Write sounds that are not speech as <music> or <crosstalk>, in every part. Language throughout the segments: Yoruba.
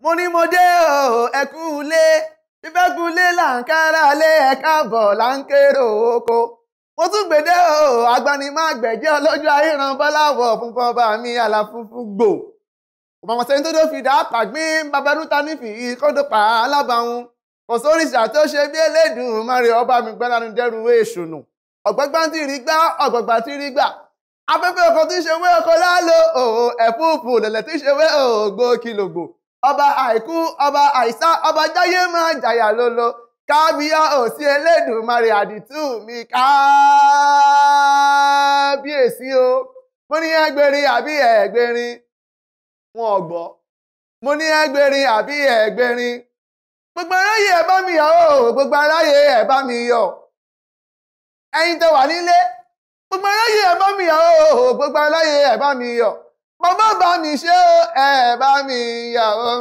mo ní mo dé o ẹkú ilé fífẹ́kú ilé là ń kára lé ẹ̀ka bọ̀ là ń kérò oko mo tún gbèdé o agbanimágbẹ̀jẹ́ ọlọ́jọ́ ayéran bọ́láwọ̀ funfun ọba mi àlàfunfun gbò òmàmọ̀ sẹ́ni tó tó fi dá pàgbín babarúta nífìyí kọ́ńdọ̀ pa alábàáhùn kò sóríṣà tó ṣe bí elédùn márùn ọba mi gbẹ́lánu dẹ́rù èṣùnù ọ̀gbọ́gbọ́n tí rí gbá ọ̀gbọ̀gbà tí rí gbà afẹ́fẹ́ ọkọ̀ tí ṣe wé ọkọ̀ láàlọ́ ẹ̀fúùfù lẹ̀lẹ̀ tí ṣe wé ògbó kìlògbò ọba àìkú ọba àìsá ọba jáyé máa jàyà lolo kábíyá òsí elédùnmarè àdìtú mi kábíyèsí o mo ní ẹgbẹrin àbí ẹgbẹrin wọn ọgbọ mo ní ẹgbẹrin àbí ẹgbẹrin gbogbo aráyé ẹ bá mi yọ̀ o gbogbo aráyé ẹ bá mi yọ̀ Ẹyin tẹ́ wà nílé gbogbo aráyé ẹ bá mi yọ̀ o gbogbo aráyé ẹ bá mi yọ̀. màmá bá mi ṣe ó ẹ bá mi yà ó.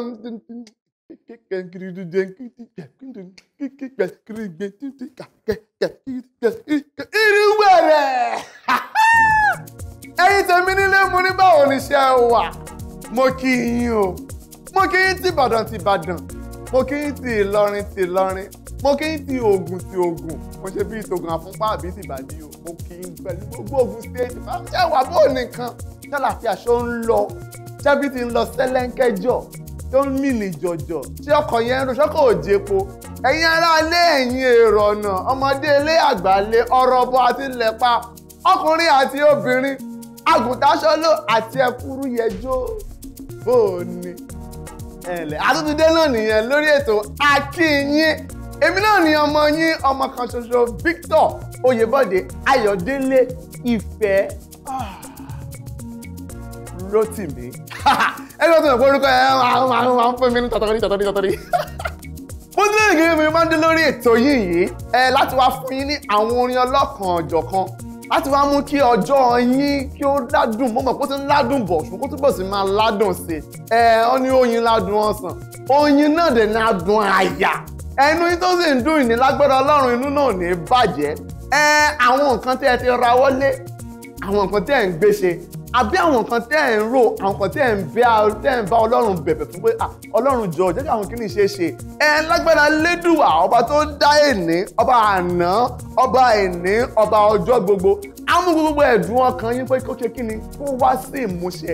irúwẹ̀ rẹ̀ ẹ̀yin tèmi nílé mo ní báwo ni ṣe wà mo kí yín o mo kí yín ti Ìbàdàn ti Ìbàdàn mo kí yín ti Ìlọrin ti Ìlọrin mo kí n ti oògùn ti oògùn mo ṣe bí ìtògùn àfúnpá àbí tìbàdí o mo kí n pẹ̀lú gbogbo oògùn state fáwọn ṣẹ́wà bóòlù nìkan tálàfíà ṣó ń lọ ṣẹ́bí ti ń lọ sẹ́lẹ́ńkẹ́jọ́ tó ń mì ní jọ̀jọ̀ ṣé ọkọ̀ yẹn ń ro ṣọ́kọ̀ òjé po ẹ̀yin ará ilé ẹ̀yin èrò ọ̀nà ọmọdé ilé àgbà ilé ọ̀rọ̀ ọbọ̀ àti ilẹ̀pa ọkùnrin àti obìnrin àgùntàṣọ́lò àti ẹkúrú yẹjọ́ bóòní ẹ̀lẹ́ àtúntúndé náà nìyẹn lórí ètò akínyìn èmi náà ni ọmọ yín ọmọ kan ṣoṣo Victor Oyèbọ̀dé Ayọ̀délé Ìfẹ́. Ah. Rótìmí ẹni wọ́n ti mọ̀ orúkọ ẹ̀ máa ń fún mi ní tọ̀tọ̀rí tọ̀tọ̀rí tọ̀tọ̀rí <laughs> mo ti lè mi máa ń dé lórí ètò yìí yìí ẹ láti wá fún yín ní àwọn orin ọlọ́kan ọ̀jọ̀kan láti wá mú kí ọjọ́ yín kí ó ládùn mọ́mọ́ kó ti ń ládùn bọ̀ ṣùgbọ́n kó túbọ̀ sí máa ládùn sí ẹ ọ ní oyin ládùn ọsàn oyin náà dẹ̀ ní adùn àyà ẹnu yín tó sì ń dùn ní lágbára ọlọ́run inú náà ní bàjẹ́ ẹ àwọn nǹkan tí ẹ ti rawọ́lé àwọn nǹkan tí ẹ ń gbé àbí àwọn nǹkan tẹ́ ẹ̀ ń rò àwọn nǹkan tẹ́ ẹ̀ ń bá tẹ́ ẹ̀ ń bá ọlọ́run bẹ̀bẹ̀ fún pé ọlọ́run jọ jẹ́ kí àwọn kìíní ṣe é ṣe ẹ̀ ń lágbára lédùwà ọba tó dá èní ọba àná ọba èní ọba ọjọ́ gbogbo amú gbogbo ẹ̀dùn ọkàn yín pé kó ṣe kí ni kó wá sí ìmúṣẹ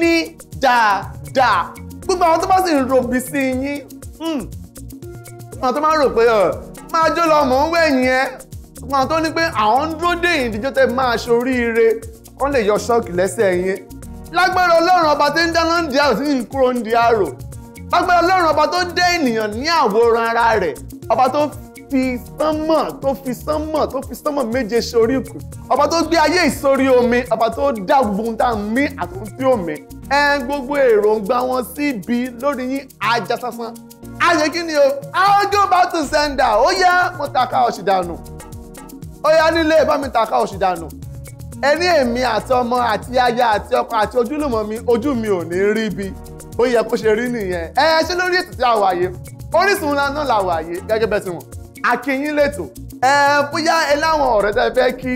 ní dáadáa gbogbo àwọn tó bá sì ń robi sí yín hmm, àwọn tó máa ń rò pé máa jó lọ mọ̀ ń wẹ̀yìn ẹ àwọn tó ní pé àwọn ń dúró dé ìdíjọ́ tẹ máa ṣoríire kán lè yọ ṣọ́ọ̀kì lẹ́sẹ̀ yín lágbára ọlọ́run ọba tó ń dáná ń di àrò sí ìkúrò ń di àrò lágbára ọlọ́run ọba tó dé ènìyàn ní àwòrán ara rẹ̀ ọba tó fi sánmọ̀ tó fi sánmọ̀ tó fi sánmọ̀ méje sórí ìkù ọba tó gbé ayé ìsórí omi ọba tó dá gbogbo ohun tá a mí àtúntò tí ò mí ẹ gbogbo èròǹgbà wọn sí ibi lórí yín ajá sásán ayé kí ni o I go back to sender ó yẹ mo ta ká ọ̀ṣì dànù ó yẹ nílé bá mi ta ẹni èmi àti ọmọ àti aya àti ọkọ àti ojúlùmọ̀ mi ojú mi ò ní rí bi ó yẹ kó ṣe rí nìyẹn ẹ ṣe lórí ètò tí a wà yé Orísun ńlá náà là wà yé gẹ́gẹ́ bẹ́ẹ̀ ti wọ̀n akínyín lẹ́tọ̀ ẹ bóyá ẹ láwọn ọ̀rẹ́ tẹ́ fẹ́ kí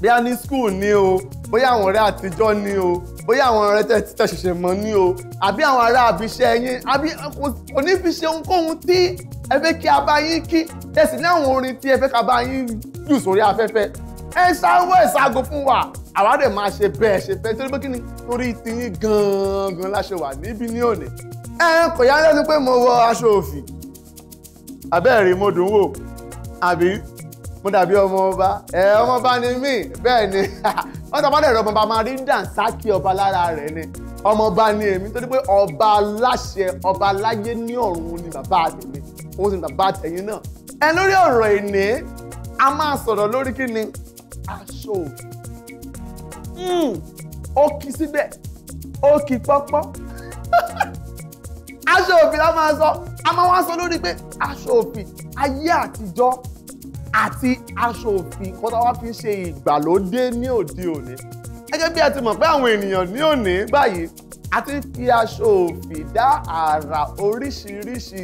bóyá ní skul ni o bóyá àwọn ọ̀rẹ́ àtijọ́ ni o bóyá àwọn ọ̀rẹ́ tẹ́ tẹ́ ṣẹ̀ṣẹ̀ mọ̀ ni o àbí àwọn ará àbíṣẹ́ yín àbí kò ní fi ṣe ohunkóhun tí ẹ fẹ́ kí a bá yín kí tẹ̀sí ní àwọn orin tí ẹ fẹ́ ká bá yín jù sórí afẹ́fẹ́ ẹ ṣàwọ́ ẹ ṣàgò fún wa àwa dẹ̀ máa ṣe bẹ́ẹ̀ ṣe fẹ́ torí pé kí ni torí tiyín gangan la ṣe wà níbí ní òní. ẹ kò yá lẹ́nu pé mo wọ aṣọ òfì àbẹ́ẹ̀rí mo dùn wò àbí mo dàbí ọmọ ọba ẹ ọmọ ọba ni mí bẹ́ẹ̀ ni <laughs> wọ́n tọ́ bá dẹ̀ rọ ọmọ ọba máa rí dànsákì ọba lára rẹ̀ ni ọmọ ọba ni èmi torí pé ọba aláṣẹ ọba aláyé ní ọ̀run ni bàbá àtẹ̀mí òun sì ni bàbá àtẹ̀yìn náà ẹ lórí ọ̀rọ̀ ìní a máa sọ̀rọ̀ lórí kí ni aṣọ hmm. ó kì síbẹ̀ ó kì pọ́pọ́ <laughs> aṣọ òfì la máa sọ a máa wá sọ lórí pé aṣọ òfì ayé àtijọ́ àti aṣọ òfì kọ́tà wá fi ṣe ìgbàlódé ní òde òní gẹ́gẹ́ bí a ti mọ̀ pé àwọn ènìyàn ní òní báyìí a ti fi aṣọ òfì dá àrà oríṣiríṣi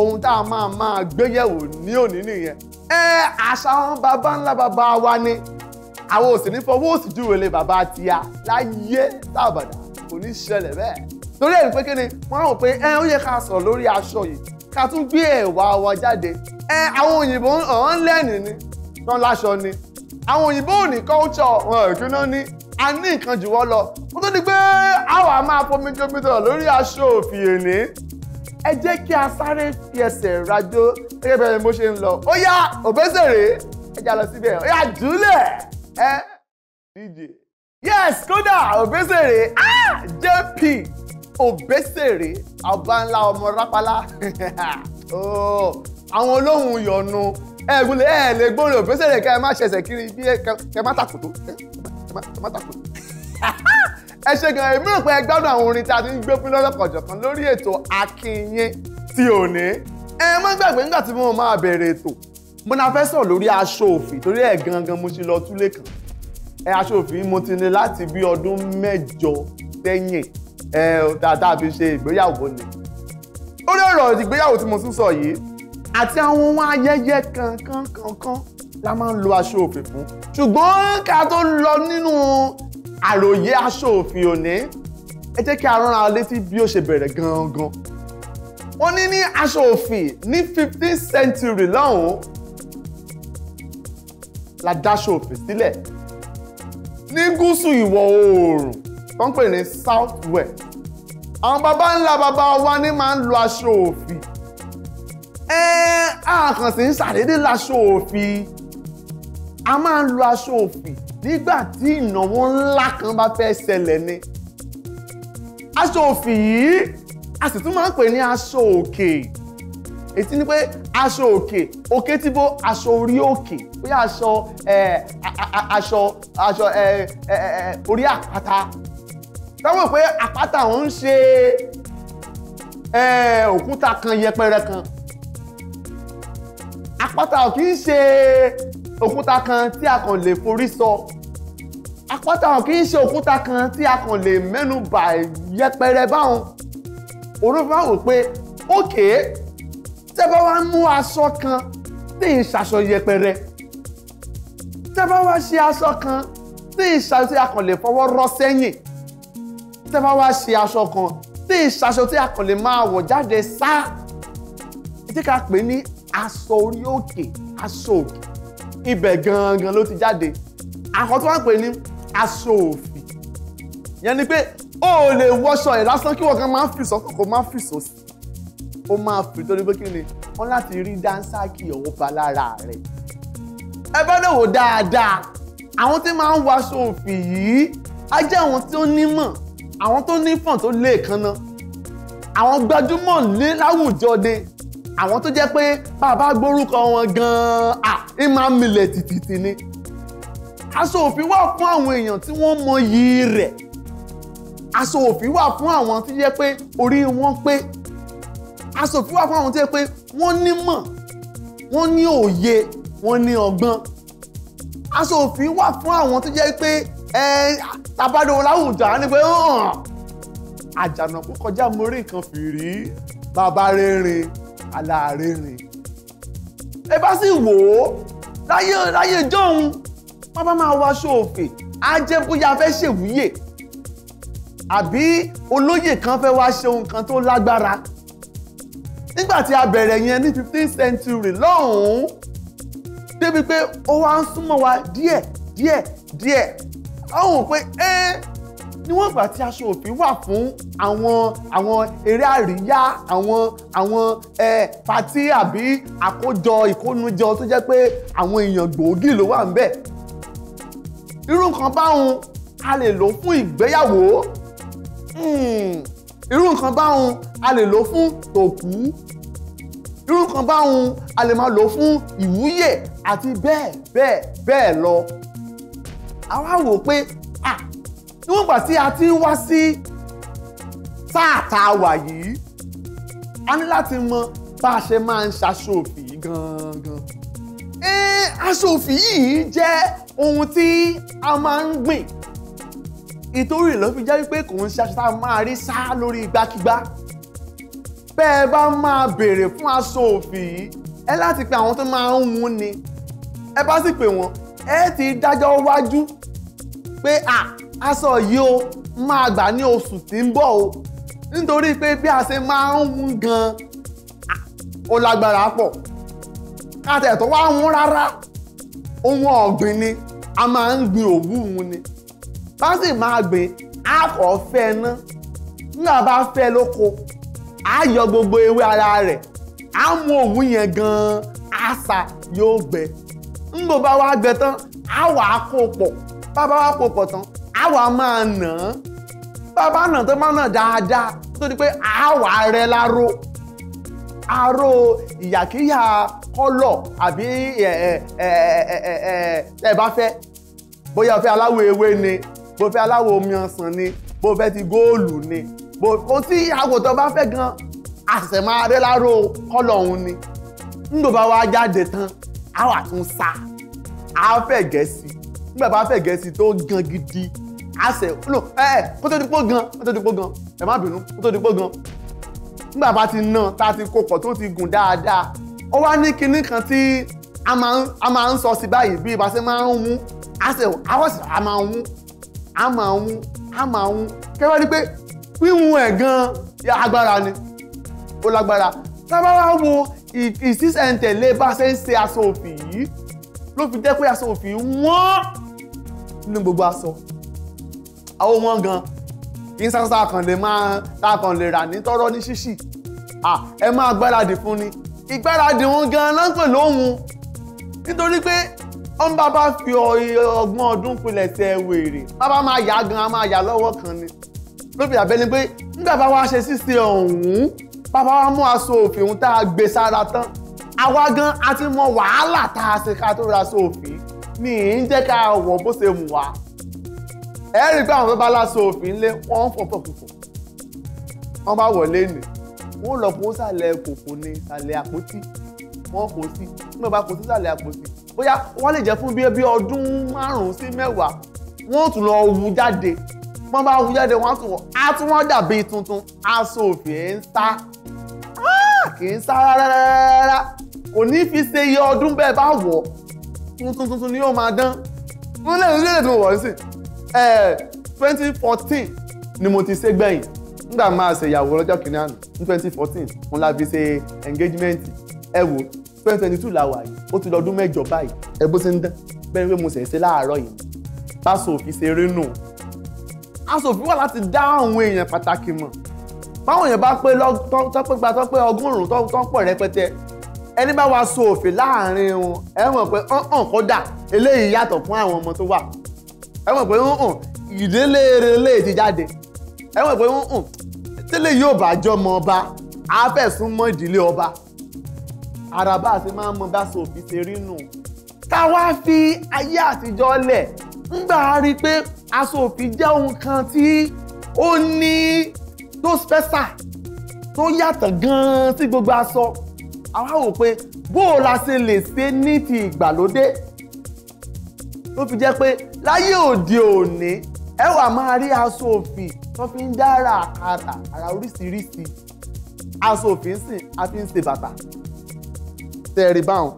ohun tá a máa máa gbéyẹ̀wò ní òní nìyẹn ẹ àṣà àwọn baba ńlá baba wa ni àwọn òsì ní fọwọ́ òsì dúró bàbá àti ya láyé tàbàdà kò ní ṣẹlẹ̀ bẹ́ẹ̀ torí ẹ̀ ní pé kí ni wọ́n rò pé ẹ ó yẹ ká sọ̀rọ̀ lórí aṣọ yìí ká tún gbé ẹ̀wà wa jáde ẹ àwọn òyìnbó ọ̀hún lẹ́nu ni tán láṣọ ni àwọn òyìnbó ò ní kọ́ńtọ̀ wọn ò kí náà ní a ní nǹkan jù wọ́n lọ kó tó di pé àwa máa fomi jomi sọ̀rọ̀ lórí aṣọ òfì èní ẹ jẹ́ kí a sáré fi ẹsẹ̀ rajó gẹ́gẹ́ bẹ́ẹ̀ mo ṣe ń lọ ó yá òbẹ́sẹ̀ rèé ẹ jà lọ síbẹ̀ ó yá jùlẹ̀ ẹ dj yes kódà òbésèré ah, jp òbésèré abanla ọmọ rápálá <laughs> oh, àwọn olóhùn yọ̀nu ẹ̀gúnlẹ̀ ẹ̀ lè gbórin òbésèré kẹ́ ẹ má ṣẹ̀ṣẹ̀ kiri bí ẹ má tàkùtò ẹ má tàkùtò ẹ <laughs> ṣe gan èmi rò pé ẹ gbádùn àwọn orin tí a ti ń gbé fún lọ́lọ́kọ̀jọ̀kan lórí ètò akínyìn ti òní ẹ má gbàgbé nígbà tí mo máa bẹ̀rẹ̀ ètò mo náà fẹ́ sọ̀rọ̀ lórí aṣọ òfì torí ẹ̀ gangan mo ṣe lọ túlé kan ẹ aṣọ òfì mo ti ní láti bí ọdún mẹ́jọ sẹ́yìn ẹ dáadáa fi ṣe ìgbéyàwó ni lórí ọ̀rọ̀ ìgbéyàwó tí mo tún sọ yìí àti àwọn ohun ayẹyẹ kankan kankan la máa ń lo aṣọ òfì fún ṣùgbọ́n ká tó lọ nínú àròyé aṣọ òfì òní ẹ jẹ́ kí a rán ara létí bí ó ṣe bẹ̀rẹ̀ gangan wọ́n ní ní aṣọ òfì ní fifteenth century lọ́hùn-ún la dáṣọ òfin sílẹ̀ ní gúúsù ìwọ̀ oòrùn tó ń pè ní south west àwọn baba ńlá baba wa ní máa ń lo aṣọ òfì ẹ àkàn sì ń ṣàdédé laṣọ òfì a máa ń lo aṣọ òfì nígbà tí ìnáwó ńlá kan bá fẹ́ ṣẹlẹ̀ ni aṣọ òfì yìí a sì tún máa ń pè ní aṣọ òkè. Okay ètí ni pé aṣọ òkè òkè tí bó aṣọ orí òkè bóyá aṣọ aṣọ aṣọ orí àpáta táwọn pé àpáta òun ń ṣe òkúta kan yẹpẹrẹ kan àpáta ò kì í ṣe òkúta kan tí a kàn lè forí sọ àpáta ò kì í ṣe òkúta kan tí a kàn lè mẹ́nu bà yẹpẹrẹ báwọn òun wò pé ókè. Okay, tẹ́ bá wá mú aṣọ kan tí ì ṣaṣọ yẹpẹrẹ tẹ́ bá wá ṣe aṣọ kan tí ì ṣaṣọ tí a kàn lè fọwọ́ rọ́ sẹ́yìn tẹ́ bá wá ṣe aṣọ kan tí ì ṣaṣọ tí a kàn lè máa wọ̀ jáde sá tí ká pè ní aṣọ orí òkè aṣọ òkè ibẹ̀ gangan ló ti jáde àkọ́tún wá pè ní aṣọ òfì yẹn ni pé o ò lè wọṣọ ẹ̀ lásán kí wọ́n kan máa ń kò máa ń sí ó máa fi torí pé kí ni wọ́n láti rí dánsákì ọ̀hún ba lára rẹ̀. ẹ bá dẹ̀ wò dáadáa àwọn tí máa ń waṣọ òfì yìí á jẹ́ àwọn tí ó nímọ̀ àwọn tó nífọ̀n tó lé èékánná àwọn gbajúmọ̀ lé láwùjọ de àwọn tó jẹ́ pé bàbá gbórúkọ wọn gan-an à ń máa ń milẹ̀ tìtìtì ni aṣọ òfì wà fún àwọn èèyàn tí wọ́n mọ iyì rẹ̀ aṣọ òfì wà fún àwọn tó jẹ́ pé orí wọn pé asòfin wà fún àwọn tó yẹ pé wọ́n nímọ̀ wọ́n ní òye wọ́n ní ọgbọ́n asòfin wà fún àwọn tó yẹ pé ẹ tabadowo láwùjọ á ní pé àjànàkú kọjá mo rí nǹkan fìrí bàbá rere aláàrẹ̀rẹ̀ ẹ bá sì wò ó láyé láyé jọ́hún bàbá máa wá ṣòfè á jẹ́ bóyá a fẹ́ ṣèwúyè àbí olóyè kan fẹ́ wá ṣe ohun kan tó lágbára nígbà tí a bẹ̀rẹ̀ yẹn ní fifteenth century lọ́hùn-ún débi pé ó wá ń súnmọ́ wa díẹ̀ díẹ̀ díẹ̀ ọ̀hún pé ẹ́ níwọ̀n ìgbà tí aṣọ òfì wà fún àwọn àwọn eré àríyá àwọn àwọn ẹ patí àbí àkójọ ìkónújọ tó jẹ́ pé àwọn èèyàn gbòógì ló wà ń bẹ̀ irú nǹkan báwọn a lè lò fún ìgbéyàwó hmm irú nǹkan báhun a lè lò fún tòkú irú nǹkan báhun a lè máa lò fún ìwúyè àti bẹ́ẹ̀ bẹ́ẹ̀ bẹ́ẹ̀ lọ a wá wò pé à níwọ̀n ìgbà tí a ti ń wá sí sáà wà yìí a ní láti mọ bá a ṣe máa ń ṣaṣọ gangan aṣọ òfì yìí jẹ́ ohun tí a máa ń gbìn ìtorí ló fi jẹ́ wípé kò ń ṣe aṣọ máa rí sá lórí igbákigbá bẹ́ẹ̀ ẹ bá máa béèrè fún aṣọ òfì yìí ẹ láti pe àwọn tó máa ń wun ni ẹ bá sì pè wọ́n ẹ ti dájọ́ wájú pé aṣọ yìí o máa gbà ní oṣù tí ń bọ̀ o nítorí pé bí a ṣe máa ń wun gan-an ó lágbára pọ̀ ká tẹ̀ tó wá wun rárá ohun ọ̀gbìn ni a máa ń gbin òwú wun ni. bá sì máa gbìn àkọ́ fẹ́ ná nígbà bá fẹ́ yọ gbogbo ewé ara rẹ̀ á mú òwú yẹn gan-an àṣà yóò gbẹ ńgbò bá wá gbẹ tán á wà á kó pọ̀ bàbá wá kó pọ̀ tán á wà á máa nà án nà tó pé á wà á rẹ láró aró ìyàkíyà àbí ẹ ẹ ẹ ẹ ẹ ẹ ni bó fẹ́ aláwọ̀ omi ọsàn ni bó fẹ́ ti góòlù ni bó o tí àwòtọ́ bá fẹ́ gan àṣẹ máa rẹ́ láró kọ́lọ̀ òun ni nígbà bá wá jáde tán á wà tún sá á fẹ́ gẹ̀ẹ́sì nígbà bá fẹ́ gẹ̀ẹ́sì tó gan gidi àṣẹ no ẹ ẹ kó tó di pó gan kó tó di pó gan ẹ má bínú kó tó di pó gan nígbà bá ti ná tá a ti kó pọ̀ tó ti gùn dáadáa ó wá ní kinní kan tí a máa ń sọ sí báyìí bí ibà ṣe máa ń wú àṣẹ àwọ̀sì a máa ń wú a máa ń a máa ń kẹwàá rí pé wíwun ẹ̀ gan-an agbára ni ó lágbára tábàbà wo ìsísẹ̀ntẹ̀lé bá ṣe ń ṣe aṣọ òfì yìí ló fi jẹ́ pé aṣọ òfì wọ́n nínú gbogbo aṣọ àwọn wọn gan kì í sáṣá kan lè máa tákan lè rà ní tọ́rọ́ ní ṣíṣì ẹ máa gbáradì fún ni ìgbáradì wọn gan lọ́pẹ̀ lóhun nítorí pé ọ̀n bàbá fi ọgbọ́n ọdún pinlẹ̀ tẹ wèrè bàbá máa yá gan a máa yá lọ́wọ́ kan ni ló fi àbẹ́ni pé nígbà bá wa ṣe ṣíṣe ọ̀hún bàbá wa mú aṣọ òfin tá a gbé sára tán àwa gan a ti mọ wàhálà tá a ṣe ká tó ra aṣọ òfin ní í jẹ́ ká wọ̀ bó ṣe mú wa ẹ rí i pé àwọn bàbá aláṣọ òfin lé wọ́n ń fọ̀fọ̀ kùfọ̀ wọ́n bá wọlé nì wọ́n lọ kó sàlẹ̀ kòkò ní sàlẹ̀ àpótí wọ́n kò sí nígbà bá kò sí sàlẹ̀ àpótí bóyá wọ́n lè jẹ́ fún bí bí ọdún márùn-ún sí mẹ́wàá wọ́n ò tún lọ wu jáde wọ́n bá wu jáde wọ́n á tún wọ́n á tún wọ́n dàbí tuntun aṣọ òfì ẹ̀ ń sá ah, kì í sá rárá kò ní fi ṣe iye ọdún bẹ́ẹ̀ bá wọ̀ tuntun tuntun ni yóò máa dán wọ́n lè rí èdè tó wọ̀ sí twenty fourteen ni mo ti ṣe gbẹ̀yìn nígbà máa ṣèyàwó lọ́jọ́ kìnìún ní twenty fourteen mo la fi ṣe engagement ẹ wò twenty twenty two la wà yìí ó ti lọ́dún mẹ́jọ báyìí ẹ bó ṣe ń dán bẹ́ẹ̀ ni pé mo ṣẹ̀ ṣe láàárọ̀ yìí báṣòfin ṣe rí nù aṣòfin wà láti dá àwọn èèyàn pàtàkì mọ̀ báwọn èèyàn bá pé tọ́pẹ́ gba tọ́pẹ́ ọgọ́rùn-ún tọ́pọ̀ rẹpẹtẹ ẹni bá wa so òfin láàrin wọn ẹ mọ̀ pé ọ̀hún kódà eléyìí yàtọ̀ fún àwọn ọmọ tó wà ẹ mọ̀ pé ọ̀hún ìdílé relé ti jáde ẹ mọ̀ pé ọ̀hún tẹ́lẹ̀ yóò bá jọmọ ọba àfẹ̀sùnmọ́ ìdílé ọba ara bá a ṣe máa ń mọ bá sòfì ṣe rí nù ká wá fi ayé àtijọ́ lẹ̀ ńgbà á rí i pé aṣọ òfì jẹ́ ohun kan tí ó ní tó special tó yàtọ̀ gan-an sí gbogbo aṣọ àwa wò pé bó o la ṣe lè ṣe ní ti ìgbàlódé ló fi jẹ́ pé láyé òde òní ẹ wà máa rí aṣọ òfì tó fi ń dára àkàtà àrà oríṣiríṣi aṣọ òfì ń sìn fi ń ṣe bàtà tẹ́ẹ̀rí báwọn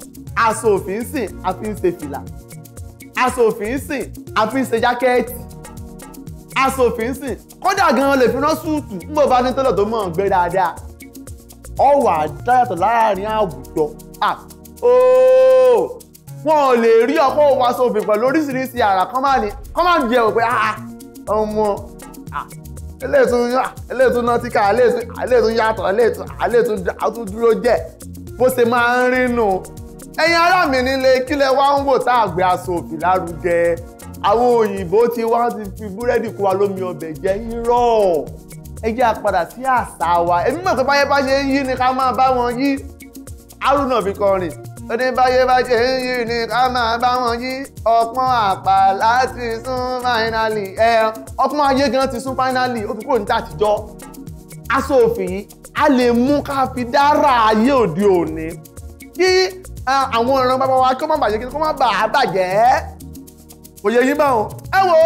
aṣọ òfin sìn a fi ń ṣe fìlà aṣọ òfin sìn a fi ń ṣe jákẹ́ẹ̀tì aṣọ òfin sìn kódà gan-an lè fi rán súùtù nígbà bá ní tọ́lọ̀ tó mọ̀ ọ́n gbé dáadáa ọwọ́ àdáyàtọ̀ láàrin àwùjọ ooo wọn ò lè rí ọkọ wa sófin pẹ̀lú oríṣiríṣi àrà kán máa ní kán máa jẹ òpè ah, ah, ọmọ eléètú eléètú nátíkà eléètú yàtọ̀ eléètú dúró jẹ́ bó ṣe máa ń rínú ẹ̀yin ará mi nílé kílẹ̀ wá ń wò tá àgbẹ̀ aṣọ lárugẹ àwọn òyìnbó tí wá ti fi búrẹ́dì kó wa lómi ọbẹ̀ jẹ́ irọ́ ẹ jẹ́ àpadà sí àṣà wa èmi mọ̀ pé báyé bá ṣe ń yí ni ká máa bá wọn yí arúnà fi kọrin ó ní báyé bá ṣe ń yí ni ká máa bá wọn yí ọpọ́n àpà láti sún fáínálì ọpọ́n ayé gan ti sún fáínálì ó fi kúrò ní tàtijọ́ aṣọ òfì yìí a lè mú ká fi dára ayé òde òní kí àwọn ìran bàbá wa kó má bàjẹ́ kí kó má bà á bàjẹ́ kò yẹ yín báwọn. ẹ wo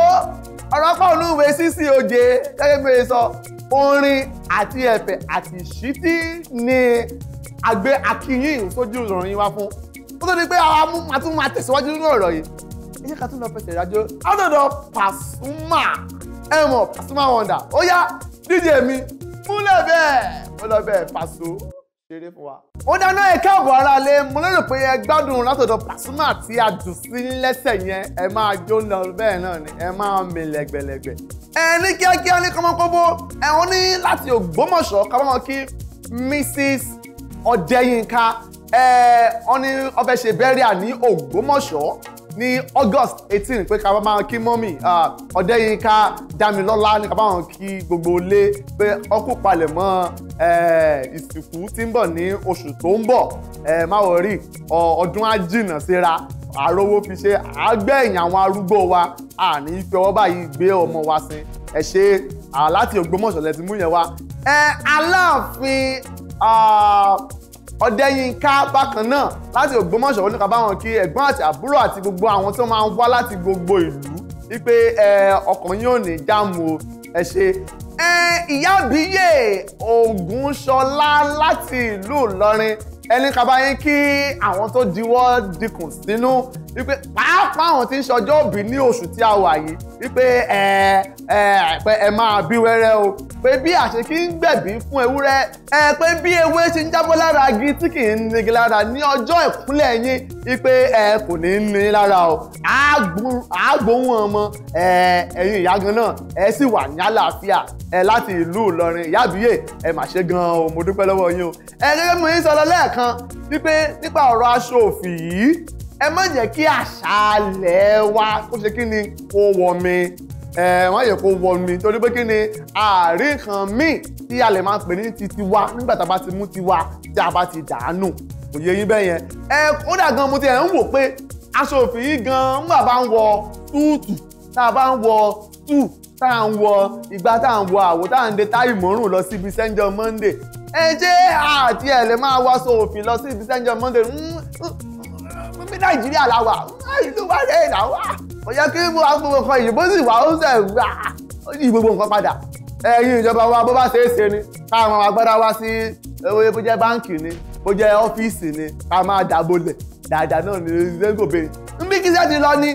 ọ̀rọ̀ apá olúwe sísì oje gẹ́gẹ́ bí ẹ sọ orin àti ẹ̀fẹ̀ àti ìṣítí ni àgbẹ̀ akínyìn sójú ìròyìn wa fún ó tó di pé àwa mú àtún máa tẹ̀síwájú nínú ọ̀rọ̀ yìí ẹ jẹ́ lọ fẹsẹ̀ ìdájọ́ ọ̀dọ̀dọ̀ Pasuma ẹ mọ̀ Pasuma ó yá díje mi múlẹ̀ bẹ́ẹ̀ ó lọ bẹ́ẹ̀ Paso ṣeré fún wa. ó dáná ẹ káàbọ̀ ara lé mo lérò pé ẹ gbádùn látọ̀dọ̀ Pasuma tí a jù sí lẹ́sẹ̀ yẹn ẹ máa jó lọ bẹ́ẹ̀ náà ni ẹ máa mi lẹ́gbẹ̀lẹ́gbẹ̀. ẹ ní kíákíá ní kọ́mọ́kọ́bó ẹ wọ́n ní láti Ògbómọ̀ṣọ́ kábàámọ̀ kí Mrs Ọ̀dẹ́yìnká ẹ ọ ní ó fẹ́ ṣe bẹ́ríà ní Ògbómọ̀ṣọ́ ní August eighteen pé ká bá máa kí mọ́mì Ọ̀dẹ́yìnká Dámilọ́lá ní ká bá wọn kí gbogbo ilé pé ọkùn palẹ̀ mọ́ ìsìnkú tí ń bọ̀ ní oṣù tó ń bọ̀ máa rí ọdún á síra àròwó fi ṣe àgbẹ̀yìn àwọn arúgbó wa àní fi ọwọ́ báyìí gbé ọmọ wa sin ẹ ṣe láti Ògbómọ̀ṣọ́ lẹ ti mú yẹn wá ẹ Aláàfin ọ̀dẹ́yìnká bákan náà láti ògbómọ̀ṣọ́ oníkà báwọn kí ẹ̀gbọ́n àti àbúrò àti gbogbo àwọn tí wọ́n máa ń wá láti gbogbo ìlú wípé ọkàn yín ò ní dààmú o ẹ ṣe ìyá àbíyè ògúnṣọlá láti ìlú ìlọrin ẹni kaba yín kí àwọn tó diwọ́ dikùn sínú wípé pàápàá àwọn tí ń ṣọjọ́ òbí ní oṣù tí a wà yìí wípé pé ẹ máa bí wẹ́rẹ́ o pé bí àṣekí ń gbẹ̀bí fún ewúrẹ́ ẹ pé bí ewé ṣe ń jábọ́ lára igi tí kì í nigi lára ní ọjọ́ ìkúnlẹ̀ yín wípé ẹ kò ní í ní lára o àgbóhùn ọmọ ẹ̀yin ìyá gan náà ẹ sì wà ní àlàáfíà ẹ láti ìlú Ìlọrin ìyá àbíyè ẹ mà ṣe gan o mo dúpẹ́ lọ́wọ́ yín o ẹ gẹ́gẹ́ bí mo yín sọ lẹ́ẹ̀kan wípé nípa ọ̀rọ̀ aṣọ òfì yìí ẹ má jẹ́ kí àṣà alẹ̀ wa kó ṣe kí ni kó wọ mi ẹ wọn yẹ kó wọ mi torí pé kí ni àárín kan míì tí a lè máa pè ní ti tiwa nígbà tá a bá ti mú tiwa tí a bá ti dàánù kò yé yín bẹ́ẹ̀ yẹn ẹ ó dà gan mo ti ẹ̀ ń wò pé aṣọ yìí gan nígbà bá ń wọ túùtù tá a bá ń wọ túù tá a ń wọ ìgbà tá a ń wọ àwo tá a ń de táyì mọ́rùn lọ síbi sẹ́ńjọ́ monday ẹ ṣé àti ẹ̀ lè máa wá aṣọ òfì lọ síbi sẹ́ńjọ́ monday hmm, hmm. nàìjíríà la wà báyìí tó bá rẹ̀ ẹ̀ là wà kò yẹ ah, kí mo àwọn gbogbo nǹkan ìyìnbó sì wà ó sẹ̀ wá ó yí gbogbo nǹkan padà ẹ̀yin ìjọba wa bó bá ṣe ni káwọn agbára wá sí ewé ni bó jẹ́ ọ́fíìsì ni ká máa dàbò dáadáa náà ni lẹ́gòbe nbí kí sẹ́ẹ̀tì lọ ni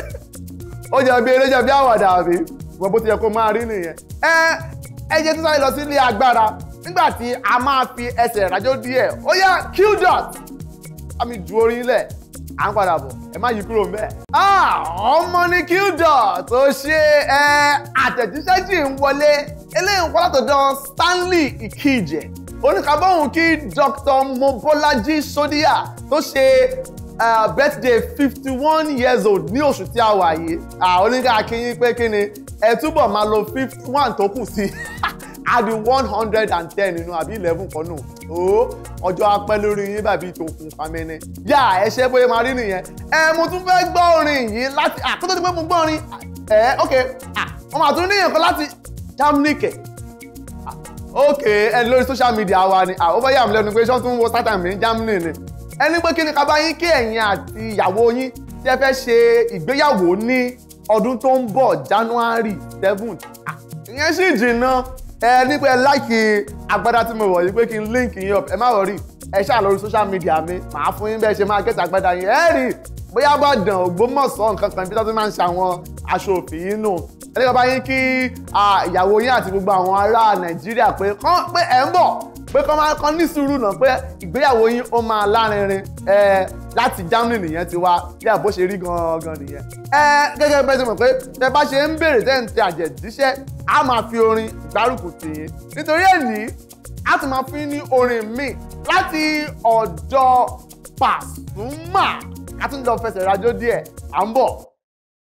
<laughs> ó bí bí àwàdà àbí bó ti yẹ kó máa rí nìyẹn ẹ ẹ àmì dúró orí nílẹ̀ à ń padà bọ̀ ẹ má yí kúrò ń bẹ̀. ọmọ ní qdot tó ṣe àtẹ̀jíṣẹ́ jì ń wọlé eléyìí ń kọ́ látọ̀dọ̀ Stanley Ikije oníkàbọ̀hún kí Dr. Mobolaji Sodia tó ṣe birthday fifty one years old ní oṣù tí a wà yìí oníkà kí yín pé kí ni ẹ túbọ̀ máa lo fifty one tó kù sí <laughs> adi one hundred and ten nínú àbí eleven kan nù ó ọjọ́ apẹ́ lórí yín bàbí tòkun pamẹ́nẹ́ yá ẹ ṣe bóyá máa rí nìyẹn ẹ mo tún fẹ́ gbọ́ orin yìí láti àkótó ti pé mo gbọ́ orin ẹ ok ọmọ àtúntò níyàn kan láti Germany kẹ̀ ok ẹni lórí social media wa ni àwọn bá yà mí lẹ́nu pé ṣé wọ́n tún wo sátán mi ní Germany ni ẹni pé kí ni ká bá yín kí ẹ̀yin àti ìyàwó yín tẹ́ fẹ́ ṣe ìgbéyàwó ní ọdún tó ń bọ̀ January seventh ìyẹn sì jìnnà ẹ ní pé láìkì agbádá tí mo wọ̀ yìí pé kí n link yín up ẹ má wọrí ẹ ṣáà lórí social media mi màá fún yín bẹ́ẹ̀ ṣe máa gẹ́tà agbádá yín ẹ rí bóyá Ìbàdàn Ògbómọ̀ṣọ́ nǹkan kan ibi tó ti máa ń ṣe àwọn aṣọ òfì yìí nù ẹ ní kí bá yín kí ìyàwó yín àti gbogbo àwọn ará Nàìjíríà pé pé ẹ ń bọ̀ pé kọ́ máa kọ́ ní sùúrù náà pé ìgbéyàwó yín ó máa lárinrin láti Germany nìyẹn ti wá bí àbó ṣe rí gangan nìyẹn. gẹ́gẹ́ bẹ́ẹ̀ ti mọ̀ pé tẹ bá ṣe ń béèrè tẹ́ ń tẹ àjẹ̀díṣẹ́ a máa fi orin gbárùkù tì yín nítorí ẹ̀ní a ti máa fi ní orin míì láti ọ̀dọ̀ Pasuma a tún lọ fẹsẹ̀ rajó díẹ̀ à ń bọ̀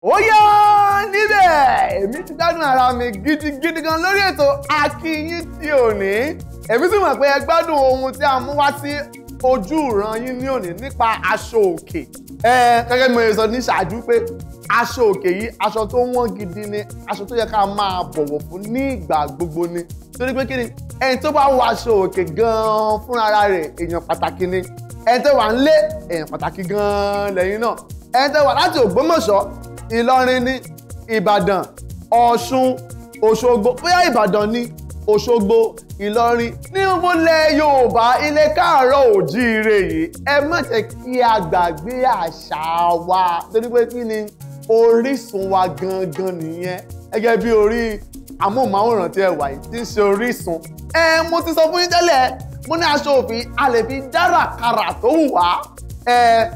ó yá níbẹ̀ èmi ti gbádùn ara mi gidigidi gan lórí ètò akínyín tí ò ní èmi sì mọ̀ pé ẹ gbádùn ohun tí a mú wá sí ojú ìran yín ní òní nípa aṣọ òkè ẹ gẹ́gẹ́ bí mo sọ ní ṣáájú pé aṣọ òkè yìí aṣọ tó wọ́n gidi ni aṣọ tó yẹ ká máa bọ̀wọ̀ fún ní ìgbà gbogbo ni torí pé kí ni ẹni tó bá wọ aṣọ òkè gan-an fúnra rẹ̀ èèyàn pàtàkì ni ẹni tó wà nílé èèyàn pàtàkì gan-an lẹ́yìn náà ẹni tó wà láti Ògbómọ̀ṣọ́ Ìlọrin ni Ìbàdàn Ọ̀ṣun Òṣogbo bóyá Ìbàdàn ni Òṣogbo Ìlọrin ní ìfúnlẹ̀ Yorùbá ilé káàárọ̀ òjíire yìí ẹ má jẹ́ kí a gbàgbé àṣà wa torí pé kí ni orísun wa gangan nìyẹn gẹ́gẹ́ bí orí amóhùnmáwòrán tí ẹ wà yìí tí ń ṣe orísun. ẹ mo ti sọ fún yín tẹ́lẹ̀ mo ní aṣọ òfin a lè fi dárakára tó wù wá. ẹ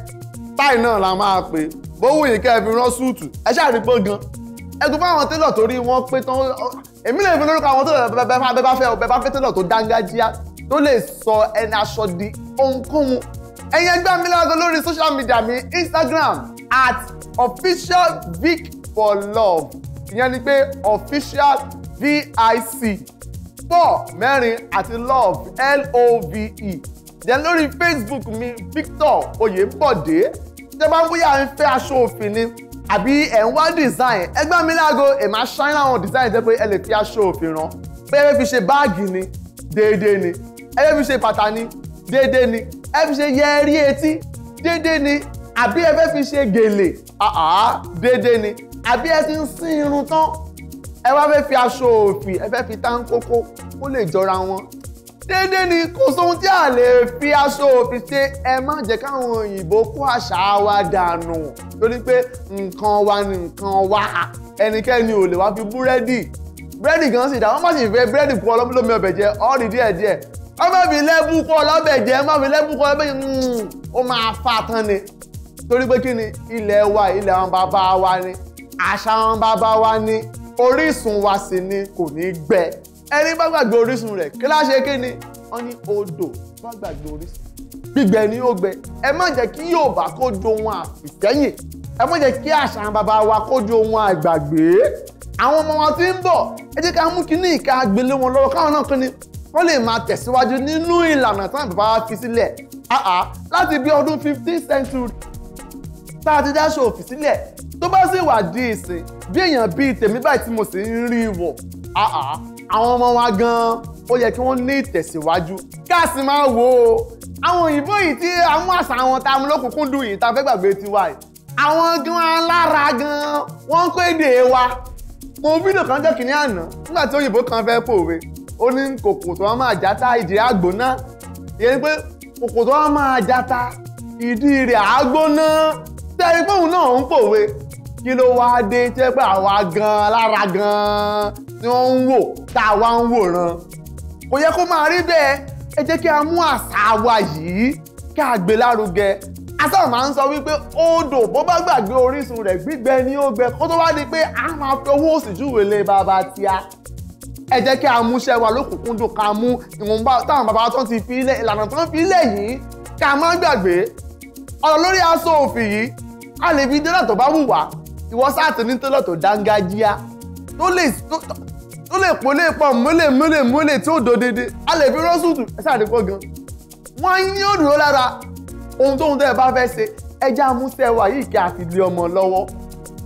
táì náà la máa pè bówù yìí kẹ́ ẹ fi rán súùtù ẹ ṣáà rí pé gan. ẹgbẹ́ fún àwọn télọ̀ torí wọ́n pé tán èmi lè fi lórúkọ àwọn télọ̀ bẹ́ẹ̀ bá fẹ́ bẹ́ẹ̀ bá fẹ́ télọ̀ tó dángájíá tó lè sọ ẹni aṣọ di ohunkóhun. ẹ̀yin ẹgbẹ́ mi lágọ́ lórí social media mi Instagram at official vic for love ìyẹn ni pé official vic four mẹ́rin àti love l-o-v-e then lórí facebook mi victor oyèbọ̀dé tẹ́ bá ń bóyá ń fẹ́ aṣọ òfin ni àbí ẹ̀ ń wá design ẹgbẹ́ mi láago ẹ̀ máa ṣáínà àwọn design tẹ́ pé ẹ lè fi aṣọ òfin rán bẹ́ẹ̀ fi ṣe báàgì ni déédéé ni ẹ fi ṣe bàtà ni déédéé ni ẹ fi ṣe yẹrí etí déédéé ni àbí ẹ fẹ́ fi ṣe gèlè ah, ah, dédé ni àbí ẹ ti ń sín irun tán ẹ wá fẹ́ fi aṣọ òfì ẹ fẹ́ fi táńkókó kó lè jọra wọn dédé ni kò sóhun tí a lè fi aṣọ òfì ṣe ẹ má jẹ́ káwọn òyìnbó kó àṣà wa dànù torí pé nǹkan wa ni nǹkan wa ẹnikẹ́ni ò lè wá fi búrẹ́dì búrẹ́dì gan sì dá wọ́n má sì fẹ́ búrẹ́dì kú ọlọ́mọlómi ọbẹ̀ jẹ ọ́ọ̀rì díẹ̀díẹ̀ ọmọ mi lẹ́bù kọ́ ọlọ́bẹ̀ jẹ ọmọ mi lẹ́bù kọ́ ọlọ́bẹ̀ hmm, ó máa fa tán ni torí pé kí ni ilẹ̀ wa ilẹ̀ àwọn bàbá wa ni àṣà àwọn bàbá wa ni orísun wa sì ni kò ní gbẹ ẹni bá gbàgbé orísun rẹ̀ kí láṣẹ kí ni wọ́n ní odò bá gbàgbé orísun gbígbẹ ni ó gbẹ ẹ má jẹ́ kí Yorùbá kó jo ohun àfìkẹ́yìn ẹ má jẹ́ kí àṣà àwọn bàbá wa kó ohun àgbàgbé àwọn ọmọ wọn ti ń bọ̀ ẹ jẹ́ ká mú kínní ìka gbélé wọn lọ́wọ́ káwọn náà kínní wọ́n lè máa tẹ̀síwájú nínú ìlànà táwọn bàbá wa fi sílẹ̀ láti bí ọdún fifteen century tá a ti dáṣọ òfì sílẹ̀ tó bá sì wà di ìsìn bí èèyàn bíi tèmi báyìí tí mo sì ń rí wọ̀ àwọn ọmọ wa gan ó yẹ kí wọ́n ní ìtẹ̀síwájú ká sì máa wò ó àwọn òyìnbó yìí tí àwọn àṣà àwọn tá a mú lókùnkún dùn yìí tá a fẹ́ gbàgbé tiwa yìí àwọn gan lára gan wọ́n ń kó èdè wa mo fídíò kan jẹ́ kìnìún àná nígbà tí òyìnbó kan fẹ́ pòwe ó ní kòkò tó wọn máa játa ìdí àgbóná ìyẹn ni pé kòkò tó wọn máa játa ìdí rẹ̀ àgbóná tẹ́rí fóun náà ń pòwe kí ló wá dé tẹ́ pé àwa gan-an lára gan-an tí wọ́n ń wò tá a wá ń wòran kò yẹ kó máa rí bẹ́ẹ̀ ẹ jẹ́ kí a mú àṣà wa yìí kí a gbé lárugẹ asọ́rọ̀ máa ń sọ wípé odò bó bá gbàgbé orísun rẹ̀ gbígbẹ ní ó gbẹ kó tó wá di pé a máa fi owó òsì júwèé lé bàbá tíá ẹ jẹ́ kí a mú wa lókùnkúndùn ká mú ìwọ̀nba táwọn bàbá tó ti fi ilẹ̀ ìlànà tó ń fi ilẹ̀ yìí ká má gbàgbé ọ̀rọ̀ lórí aṣọ òfì yìí a lè fi télọ̀ tó bá wù wá ìwọ sáàtì ní télọ̀ tó dángájíá tó lè tó lè pò lè pọ̀ mọ́lẹ̀ mọ́lẹ̀ mọ́lẹ̀ tí ó dòdede a lè fi rán sùtù ẹ sáà nípò gan wọ́n ní ó dúró lára ohun tóhun tẹ́ ẹ bá fẹ́ ṣe ẹjẹ́ amúṣẹ́ wa yìí kí a fi lé ọmọ lọ́wọ́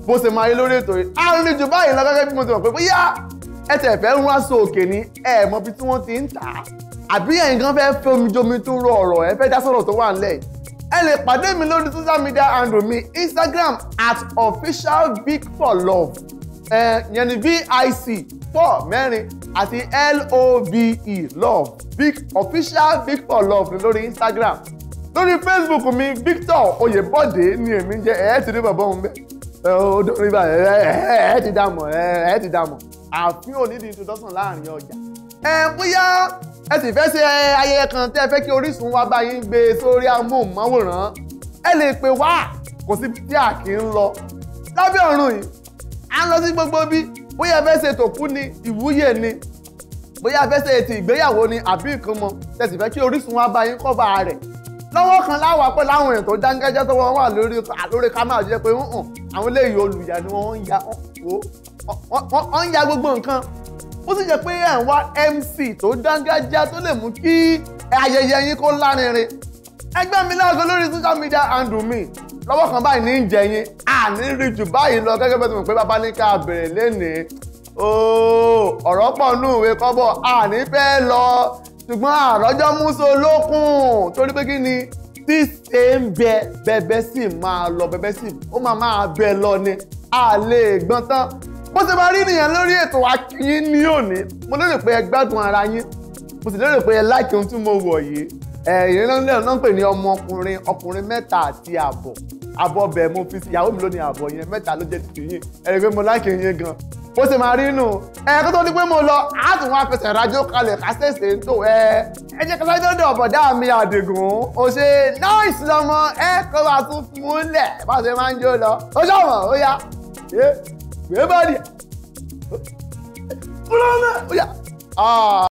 bó ṣe máa rí lórí ètò yìí arìnrìn jù báyìí lọ gẹ́gẹ́ bí mo ti mọ̀ pé bóyá ẹ tẹ̀ fẹ́ ń wáṣọ òkè ni ẹ mọ̀ bí tí wọ́n ti ń tà á àbí ẹ̀yin gan fẹ́ fẹ́ omijomi tó rọ ọ̀rọ̀ ẹ fẹ́ dá sọ̀rọ̀ tó wà ńlẹ̀ yìí ẹ lè pàdé mi lórí social media handle mi instagram at official big for love yẹn ni vic four mẹ́rin àti love love big official big for love ni lórí instagram lórí facebook mi victor oyèbọ̀dé ni èmi jẹ́ ẹ̀ ti rí bàbá òun bẹ́ẹ̀ ó dórí báyìí ẹ̀ ẹ̀ ti dààmú ẹ̀ ẹ̀ ti dààmú àfihàn onídìí introduction láàrin ọjà ẹ bóyá ẹ sì fẹ́ ṣe ayẹyẹ kan tẹ́ ẹ fẹ́ kí Orísun wá bá yín gbé sórí amóhùnmáwòrán ẹ lè pè wá kò sí tí a kì í lọ lábẹ́ ọ̀run yìí à ń lọ sí gbogbo bí bóyá ẹ fẹ́ ṣe tòkú ni ìwúyè ni bóyá ẹ fẹ́ ṣe ètò ìgbéyàwó ni àbí ìkómọ tẹ́ sì fẹ́ kí Orísun wá bá yín kọ́ bá rẹ̀ lọ́wọ́ kan láwà pẹ́ láwọn èèyàn tó dáńgájá tó wọ́n wà lórí àlórí ká máa jẹ́ pé hàn àwọn eléyìí olùyà ni wọ́n ń ya gbogbo nǹkan ó sì jẹ́ pé ẹ̀ ń wá MC tó dángájá tó lè mú kí ayẹyẹ yín kó lárinrin ẹgbẹ́ mi láago lórí social media handle mi lọ́wọ́ kan báyìí ní ìjẹyìn àní rí jù báyìí lọ gẹ́gẹ́ bẹ́ẹ̀ tó mọ̀ pé bàbá ní ká bẹ̀rẹ̀ lénìí ooo ọ̀rọ̀ pọ̀ nù ìwé kọ́bọ̀ àní fẹ́ lọ ṣùgbọ́n àrọ́jọ́ múso lókun torí pé kí ni tí ṣe ń bẹ bẹbẹ sì máa lọ bẹbẹ sì ó máa máa bẹ lọ ni a lè bó ṣe máa rí nìyẹn lórí ètò Àkíìyín ní òní mo lérò pé ẹ gbádùn ara yín mo sì lérò pé ẹ láìkí ohun tí mo wọ̀ yìí ìrìn náà náà ń pè ní ọmọkùnrin ọkùnrin mẹ́ta àti àbọ̀ àbọ̀ bẹ̀ mo fi sí ìyàwó mi lónìí àbọ̀ yẹn mẹ́ta ló jẹ́ ti yín ẹ rí i pé mo láìkí yín gan bó ṣe máa rí nù ẹ kó tó di pé mo lọ á tún wá fẹsẹ̀ rájò kalẹ̀ ká ṣèṣe tó ẹ ẹ jẹ́ kásáré dọ́dọ̀ ọ̀bọ̀dá mi àdìgún ó ṣe náìsì lọmọ ẹ kó bá tún fún un lẹ̀ bá ṣe máa ń jó lọ ó ṣọ̀wọ́n ó yá gbé báyìí. kúrò náà yeah. Ah.